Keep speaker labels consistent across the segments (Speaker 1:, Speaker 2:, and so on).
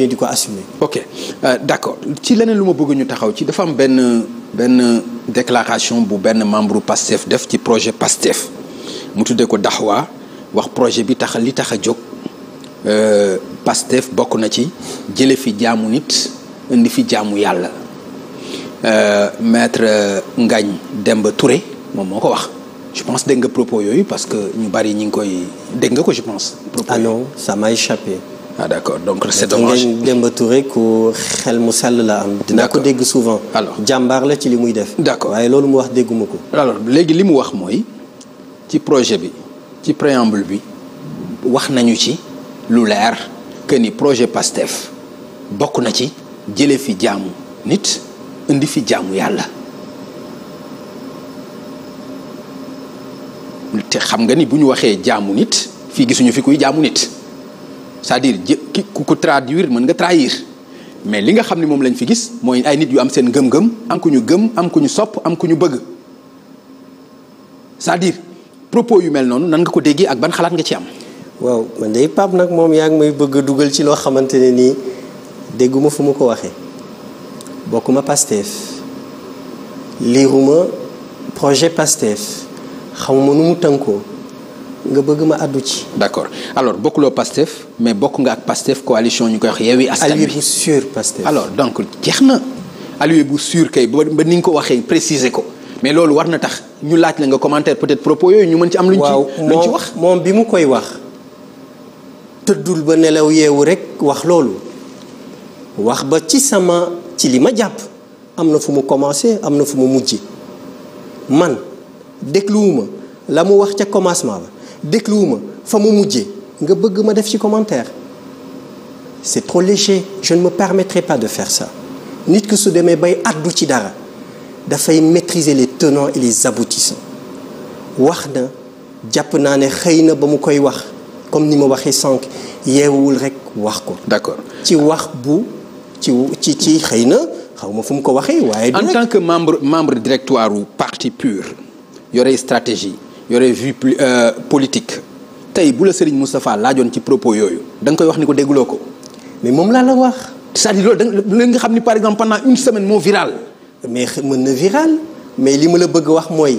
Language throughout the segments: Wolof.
Speaker 1: identifier di ko assumer. ok euh, d'accord ci leneen lu ma bëgg ñu taxaw ci dafa am benn benn déclaration bu benn membre PASTEF def ci projet PASTEF mu tuddee ko daxwaa wax projet bi tax li tax a jóg euh, PASTEF bokk na ci jële fi jaamu nit indi fi jaamu yàlla euh, maître dem ba Touré moom moo ko wax. je pense dégg nga propos yooyu parce que ñu bari
Speaker 2: ñu ngi koy dégg nga ko je pense. propos ah non ah d' accord donc cette branche ngeen Demba Touré ku xel mu sell la am. ko dégg souvent. alors jàmbaar la ci li muy def. d' accord waaye loolu mu wax dégguma ko. alors léegi li mu wax mooy ci projet bi
Speaker 1: ci préambule bi wax nañu ci lu leer que ni projet PASTEF bokk na ci jëlee fi jaamu nit indi fi jaamu yàlla. te xam nga ni bu ñu waxee jaamu nit fii gisuñu fi kuy jaamu nit. c'est-à-dire ki ku traduire mën nga trahir mais li nga xam ne moom lañ fi gis mooy ay nit yu am seen ngëm-ngëm am ku ñu gëm am ku ñu sopp am ku ñu bëgg c'est-à-dire yu mel noonu nan nga ko
Speaker 2: déggee ak ban xalaat nga ci am. waaw man day Pape nag moom yaa ngi may bëgg dugal ci loo xamante ne nii dégguma fu mu ko waxee bokkuma Pastef liiruma projet Pastef xamuma nu mu tënkoo. nga bëgg ma addu ci.
Speaker 1: d' accord alors bokkuloo Pastef mais bokk nga ak Pastef coalition ñu koy wax Yewwi Askan Wi allié bu
Speaker 2: sûr Pastef. alors
Speaker 1: donc jeex na allié bu sûr kay ba ni nga ko waxee préciser ko mais loolu war na tax ñu laaj la nga commentaire peut-être propos yooyu ñu mën ci am. luñ ci ci wax
Speaker 2: moom bi mu koy wax. tëddul ba nelaw yeewu rek wax loolu wax ba ci sama ci li ma jàpp am na fu mu commencé am na fu mu mujj man dégluwuma la mu wax ca commencement ba. dégluwuma fa mu mujjee nga bëgg ma def ci commentaire c'est trop léger je ne me permettrai pas de faire ça nit ki su demee bay addu ci dara dafay maîtriser les tenants et les aboutissants wax na jàpp naa ne xëy na ba mu koy wax comme ni ma waxee sànq yeewul rek wax ko. d'accord ci wax bu ci ci ci xëy na xaw ma fu mu ko waxee. waaye en
Speaker 1: tant que membre membre directoire wu parti pur yore stratégie. yore vue euh, politique tey bu la Serigne Moustapha laajoon ci propos yooyu danga koy wax ni ko dégguloo ko mais moom laa
Speaker 2: la wax cest à loolu da nga xam ni par exemple pendant une semaine moo viral mais mën na viral mais li ma la bëgg wax mooy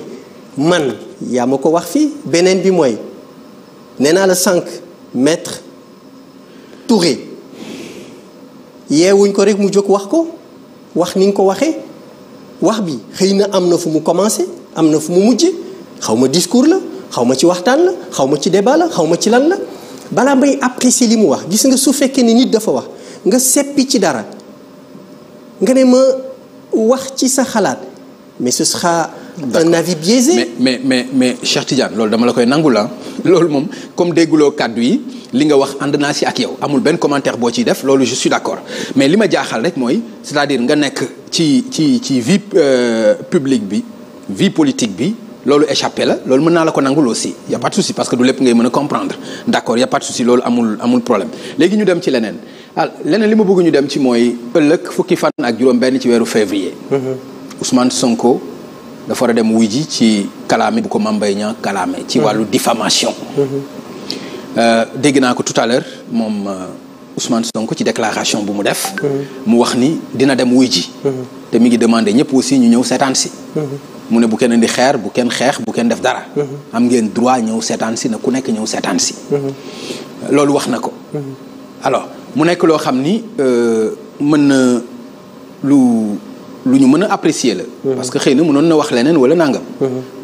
Speaker 2: man yaa ma ko wax fii beneen bi mooy nee naa la sànq maître Touré yeewuñ ko rek mu jóg wax ko wax ni nga ko waxee wax bi xëy na am na fu mu commencé am na fu mu mujj xaw ma discours la xaw ma ci waxtaan la xaw ma ci débat la xaw ma ci lan la balaa may apprécier li mu wax gis nga su fekkee ne nit dafa wax nga seppi ci dara nga ne ma wax ci sa xalaat mais ce sera
Speaker 1: un avis biaisé. mais mais mais mais Cheikh Tidiane loolu dama la koy nangu la ah. loolu moom comme dégguloo kàddu yi li nga wax ànd ak yow amul benn commentaire boo ciy def loolu je suis mais li ma jaaxal rek mooy cest à nga nekk ci ci ci vie euh, publique bi vie politique bi loolu échappé la loolu mën naa la ko nangul aussi y a pas de souci parce que du lépp ngay mën a comprendre d'accord y a pas de souci loolu amul amul problème léegi ñu dem ci leneen ah leneen li ma bëgg ñu dem ci mooy ëllëg fukki fan ak juróom benn ci weeru février
Speaker 2: mm-hmm.
Speaker 1: Ousmane Sonko dafa war a dem wuy ji ci kalaame bu ko Mame Mbaye Niang kalaame ci mm-hmm. wàllu diffamation
Speaker 2: mm-hmm.
Speaker 1: euh, dégg naa ko tout à l'heure moom euh, Ousmane Sonko ci déclaration bu mu def. Mhm. mu wax ni dina dem wuy ji. Mhm. te mi ngi demandé ñëpp aussi ñu ñëw seetaan si. Mhm. mu ne bu kenn di xeer bu kenn xeex bu kenn def dara. am ngeen droit ñëw seetaan si na ku nekk ñëw seetaan si. loolu wax na ko. alors mu nekk loo xam ni euh, mën na lu lu ñu mën a apprécier la. parce que xëy na mënoon na wax leneen wala nangam.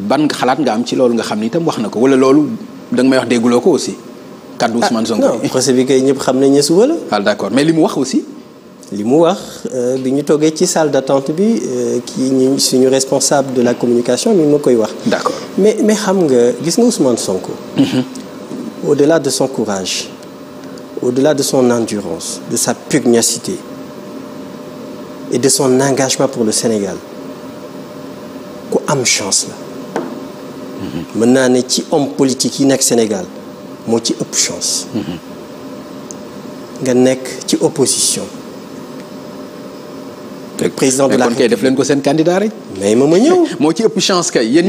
Speaker 1: ban xalaat nga am ci loolu nga xam ni tam wax na ko wala loolu danga
Speaker 2: may wax dégguloo ko aussi. kaddu ah, Ousmane Sonko bi kay ñëpp xam nañ ne suba la. waaw ah, d'accord mais li mu wax aussi. li mu wax euh, bi ñu toogee ci salle d'attente bi euh, kii ñu suñu responsable de la communication mi ma koy wax. d'accord mais mais xam nga gis nga Ousmane Sonko. Mm-hmm. au-delà de son courage. au-delà de son endurance de sa pugnacité et de son engagement pour le Sénégal ku am chance la. Mm-hmm. mën naa ne ci homme politique yi nekk Sénégal. moo ci ëpp chance. nga nekk ci opposition. te président de la République def leen ko seen candidat rek. mais ma ma moo ci ëpp chance kay yéen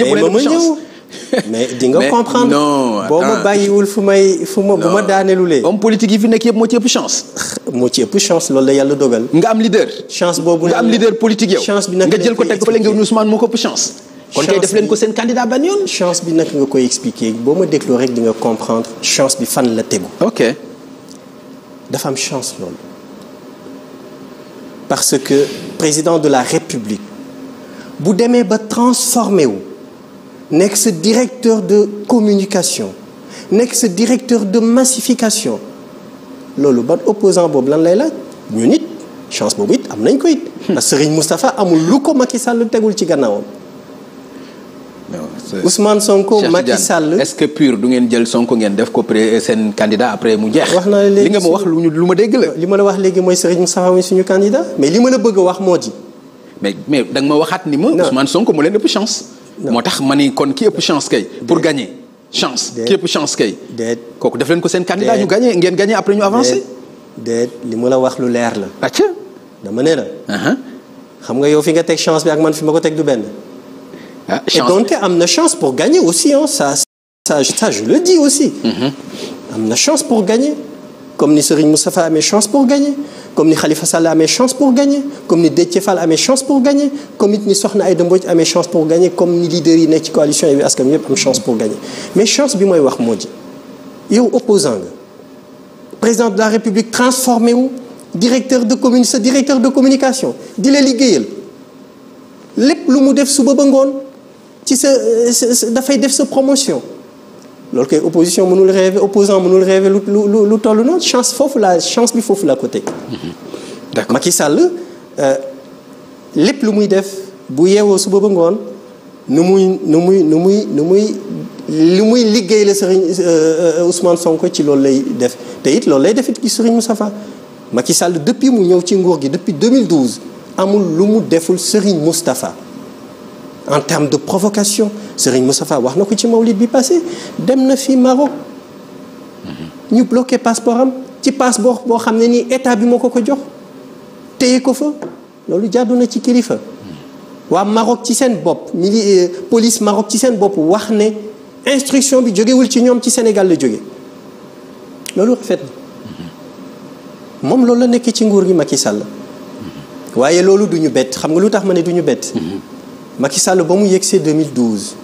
Speaker 2: di nga comprendre non boo ma bàyyiwul fu may fu ma bu ma yi fi nekk ëpp chance. moo ci ëpp chance loolu la yàlla dogal. nga am leader. chance boobu nga am leader politique yow. chance nga jël ko teg fële nga Ousmane moo ko ëpp chance. kon tey def leen ko seen candidat ba yoon. chance bi naka nga koy expliquer boo ma dégloo rek di nga comprendre chance bi fan la tegu. ok dafa am chance loolu. parce que président de la république bu demee ba transformé wu nekk sa directeur de communication nekk sa directeur de massification loolu ba opposant boobu lan lay laaj ñun it chance boobu it am nañ ko it. Hmm. parce que Serigne Moustapha amul lu ko Macky Sall tegul ci gannaawam.
Speaker 1: Ousmane Sonko Macky Sall. est-ce que pur du ngeen jël Sonko ngeen def ko pré euh, seen candidat après mu jeex. wax naa li nga ma wax
Speaker 2: lu lu ma dégg li ma wax léegi mooy Serigne Moustapha suñu candidat mais li ma la bëgg wax moo di.
Speaker 1: mais ma waxaat ni ma. Ousmane Sonko moo leen ëpp chance. moo tax ma ni kon ki ëpp chance kay. pour gagner chance. ki ëpp chance
Speaker 2: kay. ko seen candidat ñu gagner
Speaker 1: ngeen gagner après ñu avancer.
Speaker 2: déet li ma la wax lu leer la. acca dama ne la. Uh-huh. xam nga yow fi nga teg chance bi ak man fi ma ko teg du benn Ah, et Dante am na chance pour gagner aussi hein ça ça, ça je le dis aussi. Mm-hmm. am na chance pour gagner. comme ni Serigne Moustapha amee chance pour gagner comme ni Khalifa Sall amee chance pour gagner comme ni Déthié Fall amee chance pour gagner comme it ni Soxna Aïda Mbodj amee chance pour gagner comme ni leader yi nekk ci coalition yi askan wi yëpp am chance pour gagner mais chance bi mooy wax moo di yow opposant nga président de la république transformé wu directeur de commune sa directeur de communication di la liggéeyal lépp lu mu def suba ba ngoon. ci sa dafay def sa promotion loolu koy opposition mënul rêver opposant mënul rêver lu lu toll noonu chance foofu la chance bi foofu la côté. Mm-hmm. d'accord Macky euh, lépp lu muy def bu yeewoo suba ba ngoon nu muy nu muy nu muy nu muy lu muy liggéey la Serigne euh, euh, Ousmane Sonko ci loolu lay def te it loolu lay def it ci Serigne Moustapha Macky Sall depuis mu ñëw ci nguur gi depuis 2012 amul lu mu deful Serigne Moustapha. en termes de provocation Serigne Moustapha wax na ko ci mawlid bi passé dem na fi Maroc mhm. ñu bloqué passeport am ci passeport boo xam ne nii état bi moo ko ko jox téye ko fa loolu jàddu na ci kilifa mhm. waa Maroc ci seen bopp mili euh, police Maroc ci seen bopp wax ne instruction bi jógewul ci ñoom ci Sénégal la jóge loolu rafet na mhm. moom loolu la nekk ci nguur gi Macky Sall waaye loolu duñu ñu bett xam nga lu tax ma ne du ñu bett Macky Sall ba mu yegsee 2012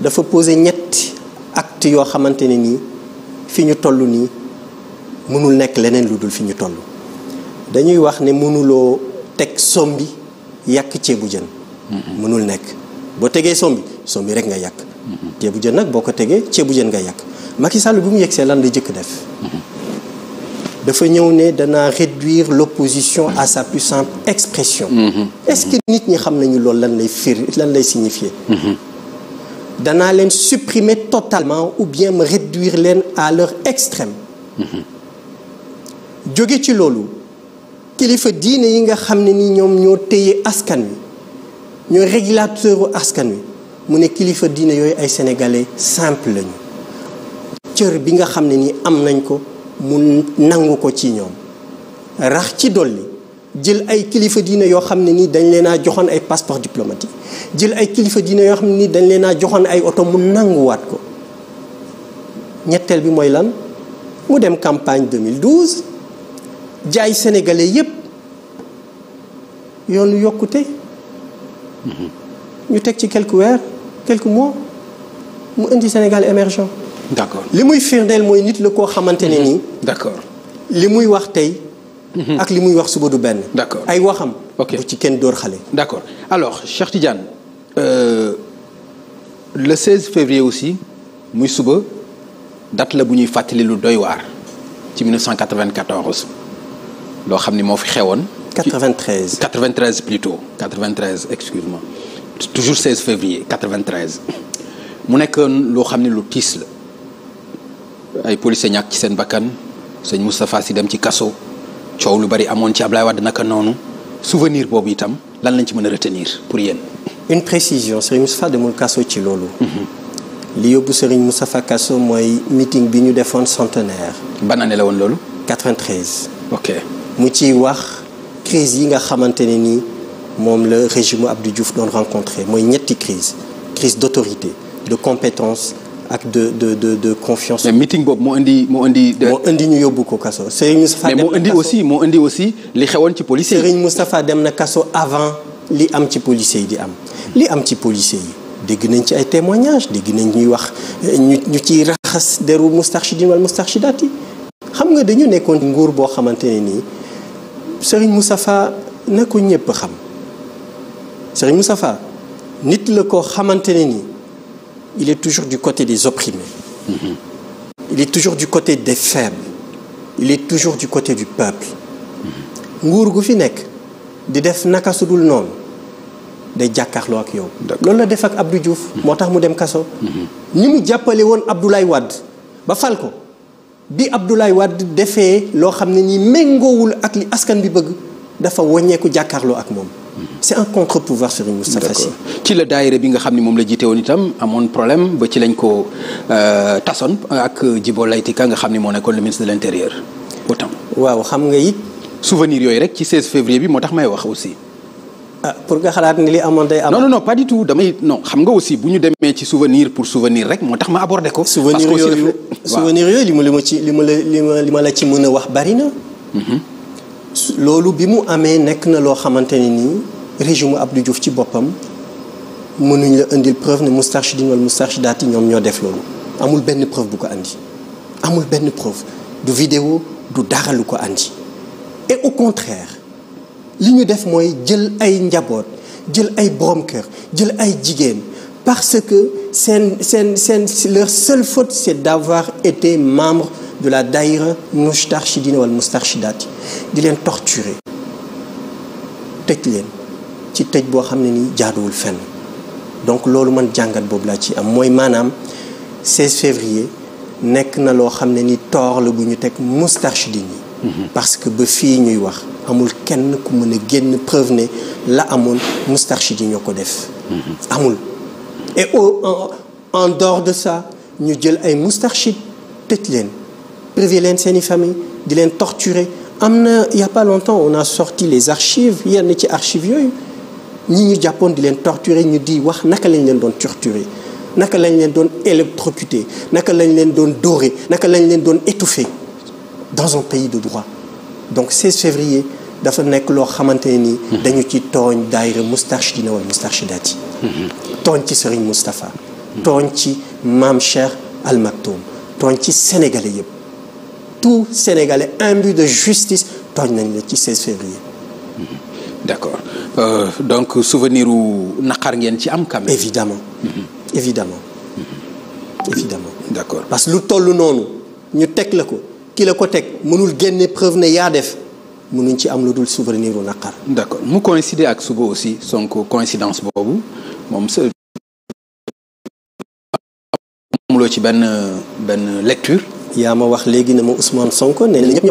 Speaker 2: dafa posé ñetti acte yoo xamante ne nii fi ñu toll nii mënul nekk leneen lu dul fi ñu toll dañuy wax ne mënuloo teg sombi yàq ceebu jën mënul nekk boo tegee sombi sombi rek nga yàq ceebu jën nag boo ko tegee ceebu jën nga yàq Macky Sall bi mu yegsee lan la jëkk def dafa ñëw ne danaa réduire l'opposition à sa plus simple expression mm-hmm. est-ce que nit ñi xam nañu lool lan lay firi lan lay signifier mm-hmm. danaa leen supprimer totalement ou bien me réduire leen à leur extrême mm-hmm. jóge ci loolu kilifa diine yi nga xam ne ni ñoom ñoo téye askan wi ñooy régulateuru askan wi mu ne kilifa diine yooyu ay sénégalais simple lañu cër bi nga xam ne ni am nañ ko mu nangu ko ci ñoom rax ci dolli jël ay kilifa diine yoo xam ne nii dañ leen a joxoon ay passeport diplomatique jël ay kilifa diine yoo xam ne nii dañ leen a joxoon ay oto mu nanguwaat ko ñetteel bi mooy lan mu dem campagne 2012 jaay sénégalais yépp yoonu yokkute. Mm-hmm. ñu teg ci quelques weer quelques mois mu indi Sénégal émergent. d'accord li muy firndeel mooy nit la koo xamante ne mm-hmm. nii. d'accord li muy wax tey. ak li muy wax suba du benn. d'accord ay waxam. ok ci kenn door xale. d'accord alors Cheikh Tidiane
Speaker 1: euh, le 16 février aussi muy suba date la bu ñuy fàttali lu doy waar ci 1994 loo xam ni moo fi xewoon. 93 93 plutôt 93 excuse-moi toujours 16 février mu nekk loo xam ne lu tiis la ay policiers ñàkk ci seen bakkan sëñ Moustapha Sy dem ci kaso. coow lu bari amoon
Speaker 2: ci Ablaye Wade naka noonu souvenir boobu itam lan lañ ci mën a retenir pour yéen. une précision Serigne Moustapha demul kaso ci loolu.
Speaker 1: Mhm.
Speaker 2: li yóbbu Serigne Moustapha kaso mooy meeting bi ñu defoon centenaire. ban année la woon loolu. 93. ok mu ci wax crise yi nga xamante ne ni moom la régime Abdou Diouf doon rencontré mooy ñetti crise crise d'autorité de compétence ak de de de de confiance. mais meeting boobu moo indi moo indi. indi ñu yóbbu ko kaso Serigne Moustapha. dem na kaso mais aussi moo indi aussi li xewoon ci policier yi. Serigne Moustapha dem na kaso avant li am ci policier yi di am li am ci policier yi. dégg nañ ci ay témoignages dégg nañ ñuy wax eh, ñu ñu ciy raxas deru moustarchidine wala moustarchidaat yi xam nga dañu nekkoon nguur boo xamante ne nii Serigne Moustapha na ko ñëpp xam Serigne Moustapha nit la ko xamante ne nii. il est toujours du côté des opprimés. Mmh. Il est toujours du côté des faibles. il est toujours du côté du peuple. Mm-hmm. nguur gu fi nekk di def naka su noonu day jàkkaarloo ak yow. loolu la def ak Abdou Diouf. Mm-hmm. moo tax mu dem kaso. Mm-hmm. ni mu jàppale woon Abdoulaye Wade ba fal ko bi Abdoulaye Wade defee loo xam ne nii méngoowul ak li askan bi bëgg dafa wàññeeku jàkkarloo ak moom. c'est un contre-pouvoir Serigne Moustapha Sy ci
Speaker 1: la daayira bi nga xam ne moom la jiite woon itam amoon problème ba ci lañ ko euh, tasoon ak Djibo Leyti Ka nga xam ne moo nekkoon le ministre de l'intérieur autant waaw xam nga it souvenir yooyu rek ci 16 février bi moo tax may wax aussi ah, pour nga xalaat ni li amoon day am no non non pas du tout damay non xam nga aussi bu ñu demee ci souvenir pour souvenir rek moo tax ma abordé ko. souvenir yooyu
Speaker 2: li ma li ma ci li ma la li ma la ci mën a wax bari na. Mm-hmm. loolu bi mu amee nekk na loo xamante ne nii régime Abdou Diouf ci boppam mënuñ la indil preuve ne Moustarchidine wala Moustarchidaty ñoom ñoo def loolu amul benn preuve bu ko andi amul benn preuve du vidéo du dara lu ko andi et au contraire li ñu def mooy jël ay njaboot jël ay borom kër jël ay jigéen parce que seen seen seen leur seule faute c'est d'avoir été membre de la daïra mustarchidina wal mustarchidaati di leen torturer tëj leen ci tëj boo xam ne nii jaaduwul fenn donc loolu man jàngat boobu laa ci am mooy maanaam 16 février nekk na loo xam ne ni toor la bu ñu teg mustarchidin yi mhm. parce que ba fii ñuy wax amul kenn ku mën a génn preuve la amoon yi ñoo ko def mhm. amul et au en, en dehors de ça ñu jël ay mustarchid tëj leen privé leen seeni famille di leen torturer am na il y a pas longtemps on a sorti les archives yenn ci archives yooyu ñi ñu jàppoon di leen torturer ñu di wax naka lañ leen doon torturer naka lañ leen doon électrocuter naka lañ leen doon dóoree naka lañ leen doon étouffer dans un pays de droit donc 16 février dafa nekk loo xamante ni. Mhm. dañu ci tooñ daayira Moustarchidina wal Moustarchidaty mhm. tooñ ci Serigne Moustapha. Mhm. tooñ ci Maam Cheikh Al Maktoum tooñ ci sénégalais yëpp. tout Sénégalais imbu de justice tooñ nañ la ci 16 février.
Speaker 1: Mhm. d'accord euh, donc souvenir u naqar ngeen ci am
Speaker 2: quand même. évidemment mm-hmm. évidemment mm-hmm. évidemment. d'accord parce que lu toll noonu ñu teg la ko ki la ko teg mënul génne preuve ne yaa def. mënuñ ci am lu dul souvenir u naqar. d'accord mu coïncider ak suba aussi Sonko coïncidence boobu
Speaker 1: moom sa. ci benn benn lecture. yaa ma wax léegi ne ma Ousmane Sonko nee na ñëpp